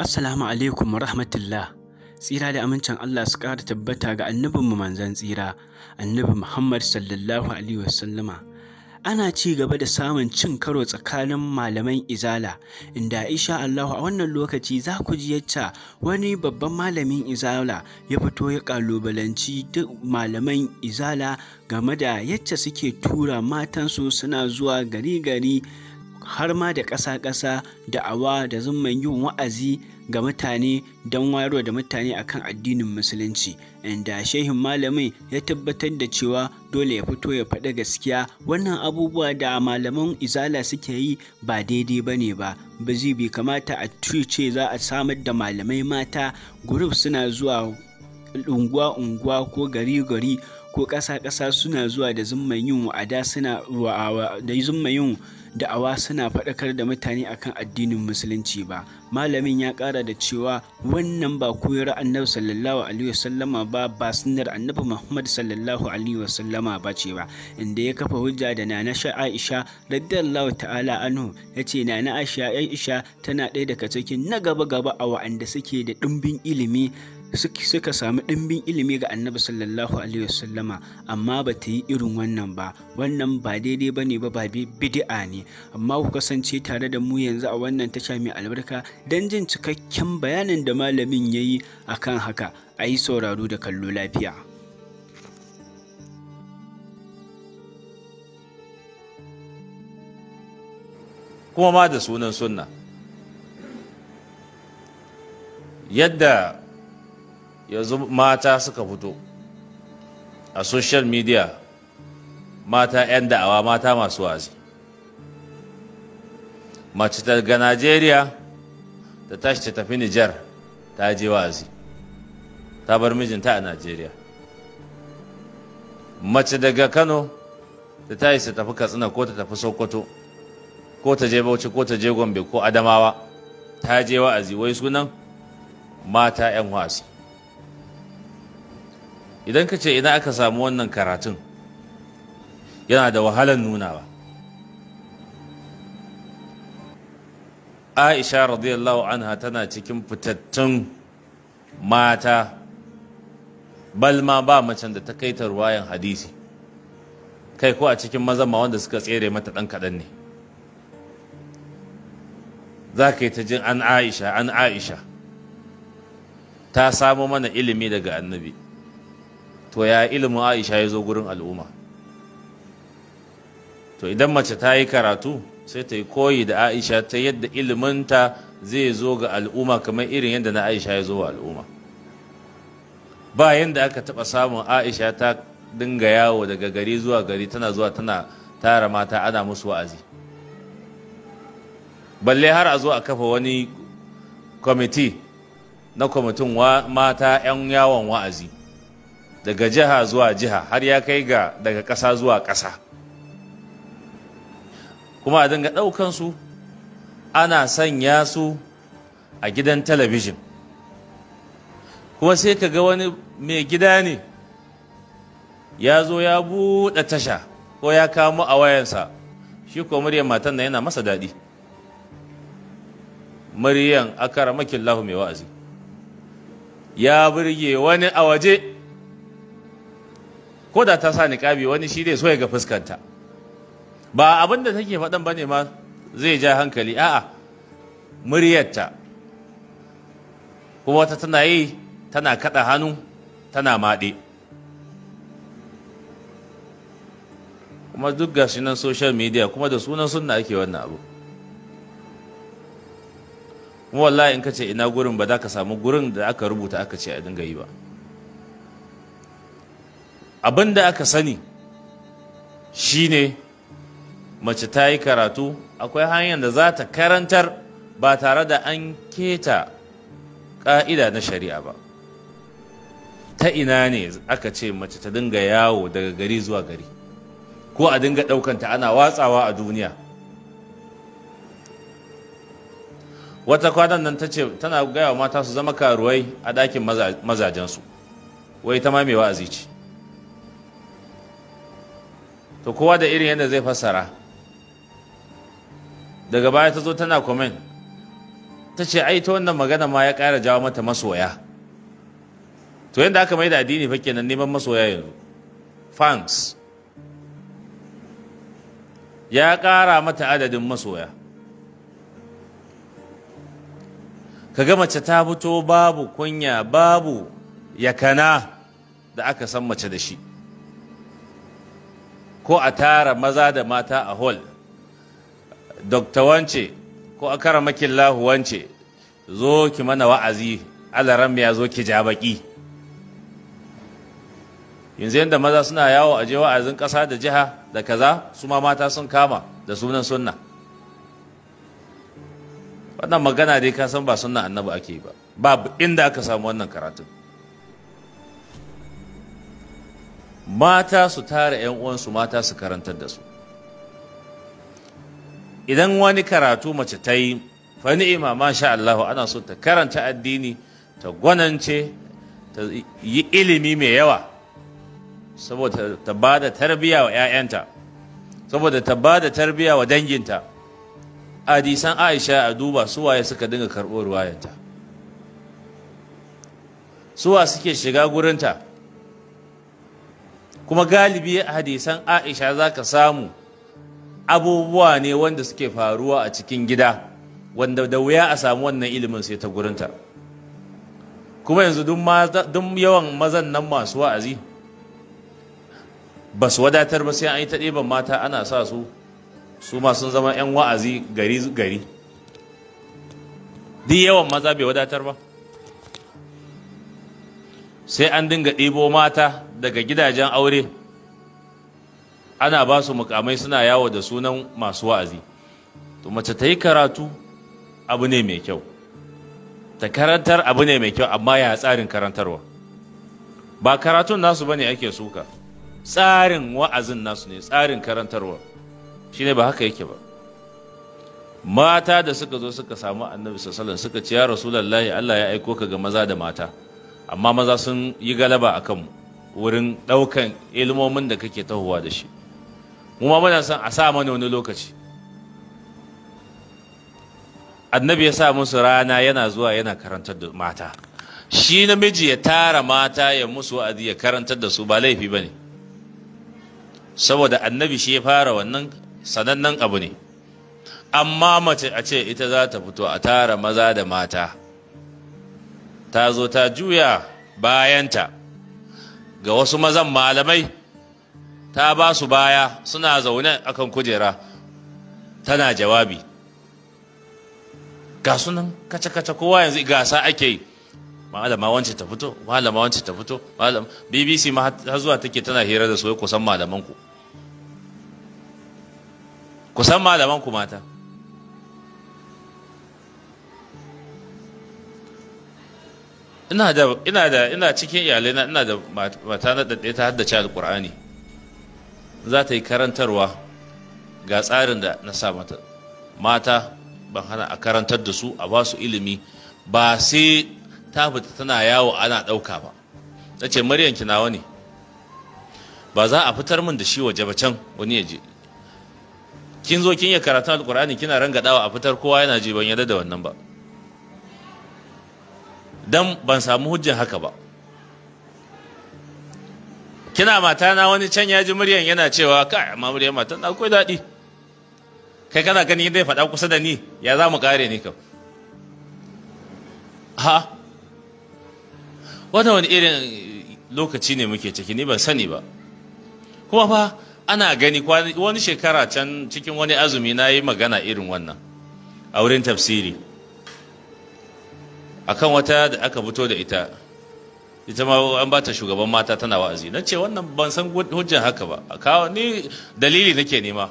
Assalamu alaikum rahmatullah. Tsira da amincin Allah su ƙara tabbata ga annabinmu manzan tsira, annabi Muhammad sallallahu alaihi wasallama. Ana ci gaba da samun cin karo tsakanin malaman Izala, inda insha Allahu a wannan lokaci za ku ji yacca wani babban malamin Izala ya fito ya kalubalanci duk malaman Izala game da yacca suke tura matansu suna zuwa gari-gari har ma da ƙasa-ƙasa da awa da zumman yin wa'azi ga mutane don wayarwa da mutane akan addinin musulunci inda shehin malamin ya tabbatar da cewa dole ya fito ya faɗa gaskiya wannan abubuwa da malaman izala suke yi ba daidai ba ne ba ba zai bai kamata a ce za a samar da malamai mata guruf suna zuwa unguwa-unguwa ko gari-gari ko ƙasa-ƙasa suna zuwa da zumman yin wa'ada suna da zumman yin da'awa suna faɗakar da mutane akan addinin musulunci ba malamin ya ƙara da cewa wannan ba koyar annabi sallallahu alaihi wasallama ba ba sunnar annabi muhammad sallallahu alaihi wasallama ba ce ba inda ya kafa hujja da nana aisha radiyallahu ta'ala anhu yace nana aisha aisha tana ɗaya daga cikin na gaba gaba a wa'anda suke da ɗumbin ilimi suka samu ɗimbin ilimi ga annabi sallallahu alaihi wasallama amma ba ta yi irin wannan ba wannan ba daidai ba ne ba ba bidi'a ne amma ku kasance tare da mu yanzu a wannan tasha mai albarka don jin cikakken bayanin da malamin ya yi a kan haka a yi sauraro da kallo lafiya kuma ma da sunan sunna yadda yanzu mata suka fito a social media mata 'yan da'awa mata masu wazi mace daga najeriya ta tashi ta tafi nijar ta je wazi ta bar mijinta a najeriya mace daga kano ta tashi ta tafi katsina ko ta tafi sokoto ko ta je bauchi ko ta je gombe ko adamawa ta je wa'azi wai sunan mata 'yan wasi idan ka ce ina aka samu wannan karatun yana da wahalar nunawa aisha radiyallahu anha tana cikin fitattun mata balma ba macen da ta kai ta ruwayan hadisi kai ko a cikin mazama wanda suka tsere mata ɗan kaɗan ne za ka yi ta jin an aisha an aisha ta samo mana ilimi daga annabi to ya ilimin aisha ya zo gurin al'umma to idan mace ta yi karatu sai ta yi koyi da aisha ta yadda iliminta zai zo ga al'umma kamar irin yadda na aisha ya zo wa al'umma ba yadda aka taba samun aisha ta dinga yawo daga gari zuwa gari tana zuwa tana tara mata ana musu wa'azi balle har a zo a kafa wani kwamiti na kwamitin mata 'yan yawon wa'azi daga jiha zuwa jiha har ya kai ga daga ƙasa zuwa ƙasa kuma a dinga ɗaukan su, ana sanya su a gidan talabijin kuma sai ka ga wani mai gida ne ya zo ya buɗe tasha ko ya kamo a wayansa shi ko muryar matan nan yana masa daɗi muryan akara lahu mai wa'azi ya burge wani a waje ko da ta sa niƙabi wani shi dai so ya ga fuskanta ba abin da take faɗan ba ne ma zai ja hankali a'a muryarta kuma wata tana yi tana kaɗa hannu tana maɗe kuma duk ga nan social media kuma da sunan sunna ake wannan abu kuma wallahi in ka ce ina gurin ba za ka samu gurin da aka rubuta aka ce a dinga yi ba abin da aka sani shine mace ta yi karatu akwai hanyar da za ta karantar ba tare da an keta ƙa'ida na shari'a ba ta ina ne aka ce mace ta dinga yawo daga gari zuwa gari ko a dinga ɗaukanta ana watsawa a duniya wata kwanan nan ta ce tana gaya wa mata su zama karuwai a ɗakin mazajensu wai ta ma mai wa'azi to kowa da irin yadda zai fassara daga baya ta zo tana komen ta ce ai ta wannan magana ma ya ƙara jawo mata masoya to yadda aka mai da addini fa kenan neman masoya yanzu fans ya ƙara mata adadin masoya Ka ga mace ta fito babu kunya babu yakana da aka san mace da shi ko a tara maza da mata a hall dokta wance ko a kara makin wance zo ki mana wa'azi alaran ya zo ki jabaki. yanzu yadda maza suna yawo a je wa'azin kasa da jiha da kaza su ma mata sun kama da sunan sunna wannan magana dai ka san ba sunna annabi ake ba babu inda aka samu wannan karatun mata su tara 'yan uwansu mata su karantar da su idan wani karatu mace ta yi fa imama sha Allahu ana so ta karanta addini ta gwanance ta yi ilimi mai yawa saboda ta ba da tarbiya wa 'ya'yanta saboda ta ba da tarbiya wa danginta hadisan aisha a duba suwaye suka dinga karɓo ruwayanta suwa suke shiga gurinta kuma galibi a hadisan aisha za ka samu abubuwa ne wanda suke faruwa a cikin gida wanda da wuya a samu wannan ilimin sai ta gurinta kuma yanzu duk yawan mazan nan masu wa'azi ba su wadatar ba sai an yi ta ɗiban mata ana sa su su masu zama 'yan wa'azi gari gari duk yawan maza bai wadatar ba sai an dinga ɗibo mata daga gidajen aure ana ba su mukamai suna yawo da sunan masu wa'azi to mace ta yi karatu abu ne mai kyau ta karantar abu ne mai kyau amma ya tsarin karantarwa ba karatun nasu ba ne ake suka tsarin wa'azin nasu ne tsarin karantarwa Shi ne ba haka yake ba mata da suka zo suka samu annabi sassalin suka ce ya lallahi Allah ya aiko ka ga maza da mata amma maza sun yi galaba a kanmu wurin ɗaukan ilmomin da kake tahowa da shi mu ma muna son a sa mana wani lokaci annabi ya sa musu rana yana zuwa yana karantar da mata shi namiji ya tara mata ya musu wa'azi ya karantar da su ba laifi ba ne saboda annabi shi ya fara wannan sanannen abu ne amma mace a ce ita za ta fito a tara maza da mata ta zo ta juya bayanta ga wasu mazan malamai ta ba su baya suna zaune akan kujera tana jawabi ga sunan kace-kace kowa yanzu gasa ake yi malama wance ta fito malama wance ta fito malama bbc ma har zuwa take tana hira da su kusan malaman ku kusan malaman ku mata ina cikin iyalai na ina da mata na daɗe ta haddace alƙur'ani za ta yi karantarwa ga tsarin da na sa mata mata ban hana a karantar da su a ba su ilimi ba sai ta fita tana yawo ana ɗauka ba na ce maryan ki nawa ne ba za a fitar min da shi waje ba can wani ya je kin zo kin yi karatun alƙur'ani kina rangadawa a fitar kowa yana jiban ban yarda da wannan ba Dan ban samu hujjar haka ba kina matana wani can ya ji muryan yana cewa kai amma muryan matan akwai daɗi kai kana gani dai faɗa kusa da ni ya za mu kare ni kam ha wata wani irin lokaci ne muke ciki ni ban sani ba kuma fa ana gani wani shekara can cikin wani azumi na yi magana irin wannan a wurin tafsiri akan wata da aka fito da ita ita ma an ba ta shugaban mata tana wa'azi na ce wannan ban san hujjan haka ba kawo ni dalili nake nema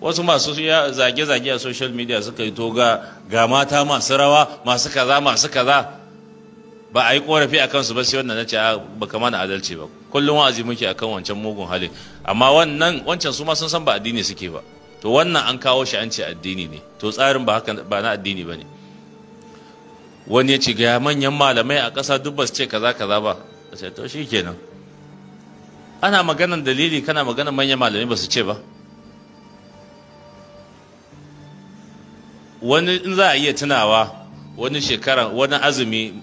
wasu masu zage-zage a social media suka yi toga ga mata masu rawa masu kaza masu kaza ba a yi korafi a kansu ba sai wannan na ce ah, ba kama na adalci ba kullum wa'azi muke akan wancan mugun hali amma wannan wancan su ma sun san ba addini suke ba to wannan an kawo shi an ce addini ne to tsarin ba ba na addini ba ne wani ya ce ga manyan malamai a ƙasa duk ba su ce kaza kaza ba ce to shi kenan ana maganan dalili kana maganan manyan malamai ba su ce ba wani in za a iya tunawa wani shekara wani azumi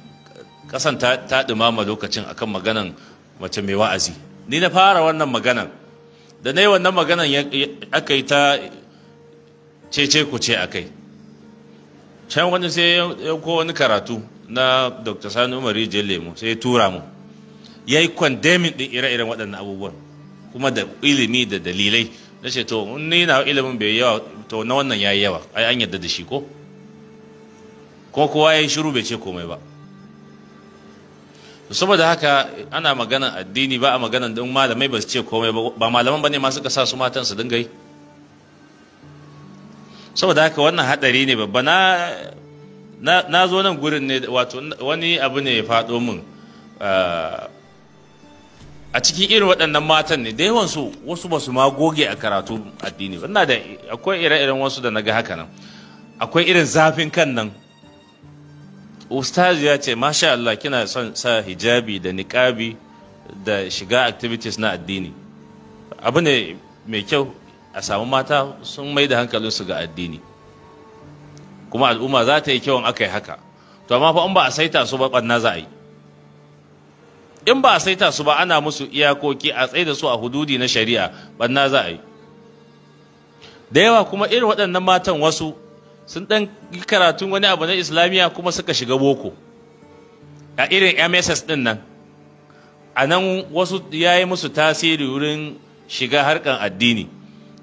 ƙasan ta ɗumama lokacin akan maganan mace mai wa'azi ni na fara wannan maganan da na yi wannan maganan aka yi ta cece ku ce a kai can wani sai ya ko wani karatu na dr sani umar je lemu sai ya tura mu ya yi kwandemin ɗin ire-iren waɗannan abubuwan kuma da ilimi da dalilai na ce to ni na ilimin bai yawa to na wannan ya yi yawa ai an yadda da shi ko ko kowa ya yi shiru bai ce komai ba saboda haka ana maganan addini ba a maganan don malamai ba su ce komai ba malaman ba ne ma suka su matan su dinga saboda haka wannan hadari ne babba na zo nan gurin ne wato wani abu ne ya faɗo min ah, a cikin irin waɗannan matan ne da yawan su wasu ba su ma goge a karatu addini wannan da akwai ire-iren wasu da naga haka nan akwai irin zafin kan nan ustaz ya ce masha Allah kina son sa hijabi da niqabi da shiga activities na addini abu ne mai kyau a samu mata sun mai da hankalinsu ga addini kuma al'umma za ta yi kyau aka yi haka to amma fa in ba a saita su ba ɓanna za a yi in ba a saita su ba ana musu iyakoki a tsaye da su a hududi na shari'a ɓanna za a yi da yawa kuma irin waɗannan matan wasu sun ɗan yi karatun wani abu na islamiyya kuma suka shiga boko a irin mss ɗin nan a nan wasu ya yi musu tasiri wurin shiga harkar addini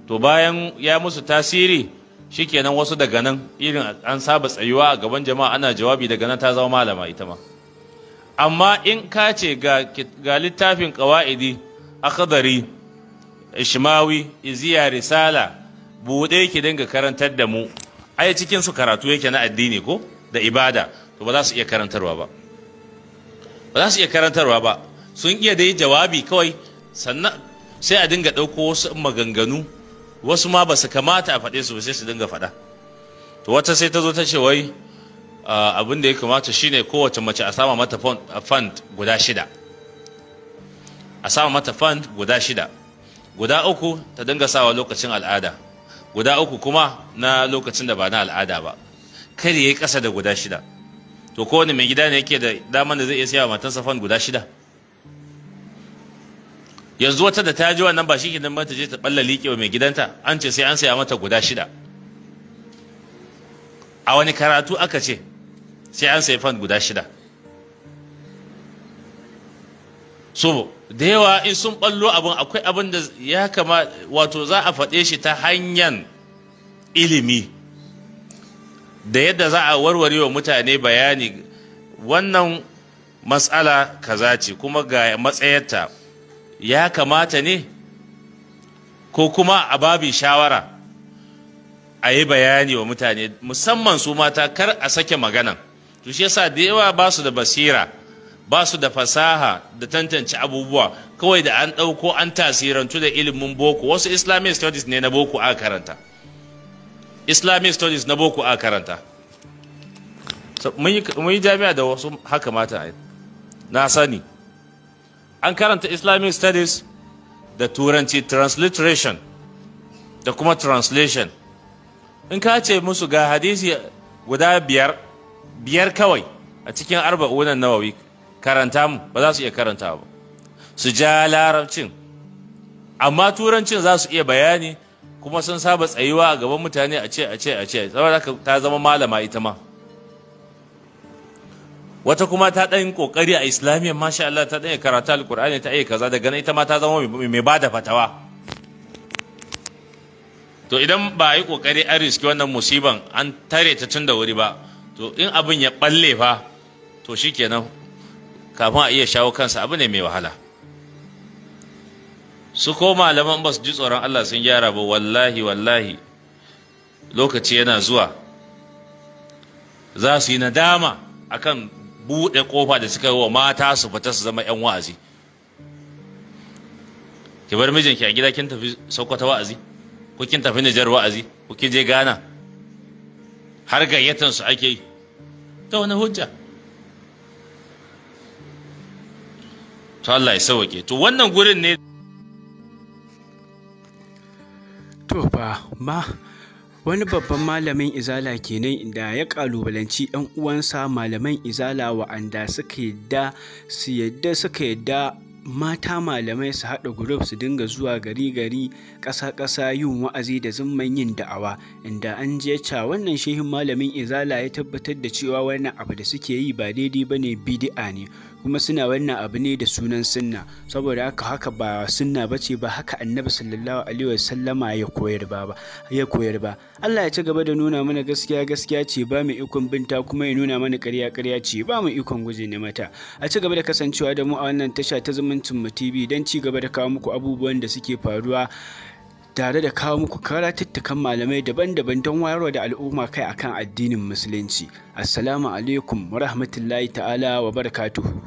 to bayan ya musu tasiri shikenan wasu daga nan irin an saba tsayuwa a gaban jama'a ana jawabi daga nan ta zama malama ita ma amma in ka ce ga littafin ƙawa'idi akhdari ishmawi iziya risala buɗe ki dinga karantar da mu ai cikin su karatu yake na addini ko da ibada to ba za su iya karantarwa ba ba za su iya karantarwa ba sun iya dai jawabi kawai sannan sai a dinga ɗauko wasu maganganu wasu ma ba su kamata a faɗe su ba sai su dinga faɗa to wata sai ta zo ta ce wai abin da ya kamata shine kowace mace a sama mata fund guda shida a sama mata fund guda shida guda uku ta dinga sawa lokacin al'ada guda uku kuma na lokacin da ba na al'ada ba kar ya yi ƙasa da guda shida to kowane mai gida ne yake da daman da zai iya siya matansa fund guda shida yanzu wata da ta ji wannan ba shi ke ba ta je ta balla liƙe wa mai gidanta an ce sai an saya mata guda shida a wani karatu aka ce sai an saya fan guda shida so da yawa in sun ballo abin akwai abin da ya kama wato za a faɗe shi ta hanyar ilimi da yadda za a warware wa mutane bayani wannan matsala kaza ce kuma ga matsayarta ya kamata ne ko kuma a babin shawara a yi bayani wa mutane musamman su mata kar a sake maganan to shi yasa da yawa ba su da basira ba su da fasaha da tantance abubuwa kawai da an ɗauko an tasirantu da ilimin boko wasu islamic studies ne na boko a karanta islamic studies na boko a karanta mun yi jami'a da wasu haka mata na sani an karanta islamic studies da turanci transliteration da kuma translation in ka ce musu ga hadisi guda biyar biyar kawai a cikin arba'unan nawawi karanta mu ba za su iya karanta ba su ja larabcin amma turancin za su iya bayani kuma sun saba tsayuwa a gaban mutane a ce a ce a ce saboda ta zama malama ita ma wata kuma ta ɗan ƙoƙari a Islamiyya, masha Allah ta ɗaya karata alkur'ani ta iya kaza daga nan ita ma ta zama mai ba da fatawa to idan ba a yi kokari an riski wannan musiban an tare ta tun da wuri ba to in abin ya ɓalle fa to shikenan kafin a iya shawo kansa abu ne mai wahala su ko malaman ba su ji tsoron Allah sun gyara ba wallahi wallahi lokaci yana zuwa za su yi nadama akan buɗe ƙofa da suka yi wa mata su fita su zama 'yan wa'azi ki bar mijinki a gida kin tafi sokoto wa'azi ko kin tafi nijar wa'azi ko kin je ghana har gayyatan su ake yi ta wani hujja to Allah ya sauke to wannan gurin ne to fa ma wani babban malamin izala kenan da ya kalubalanci yan uwansa malaman izala wa'anda suka yadda su yadda suka yadda mata malamai su haɗa gurup su dinga zuwa gari gari ƙasa ƙasa yin wa'azi da zumman yin da'awa inda an je ca wannan shehin malamin izala ya tabbatar da cewa wannan abu da suke yi ba daidai bane bidi'a ne kuma suna wannan abu ne da sunan sunna saboda haka haka ba sunna ba ce ba haka annabi sallallahu alaihi wasallama ya koyar ba ya koyar ba Allah ya ci gaba da nuna mana gaskiya gaskiya ce ba mu ikon binta kuma ya nuna mana ƙarya ƙarya ce ba mu ikon guje ne mata a ci gaba da kasancewa da mu a wannan tasha ta zumuncin mu TV don ci gaba da kawo muku abubuwan da suke faruwa tare da kawo muku karatuttukan malamai daban-daban don wayarwa da al'umma kai akan addinin musulunci assalamu alaikum wa rahmatullahi ta'ala wa barakatuhu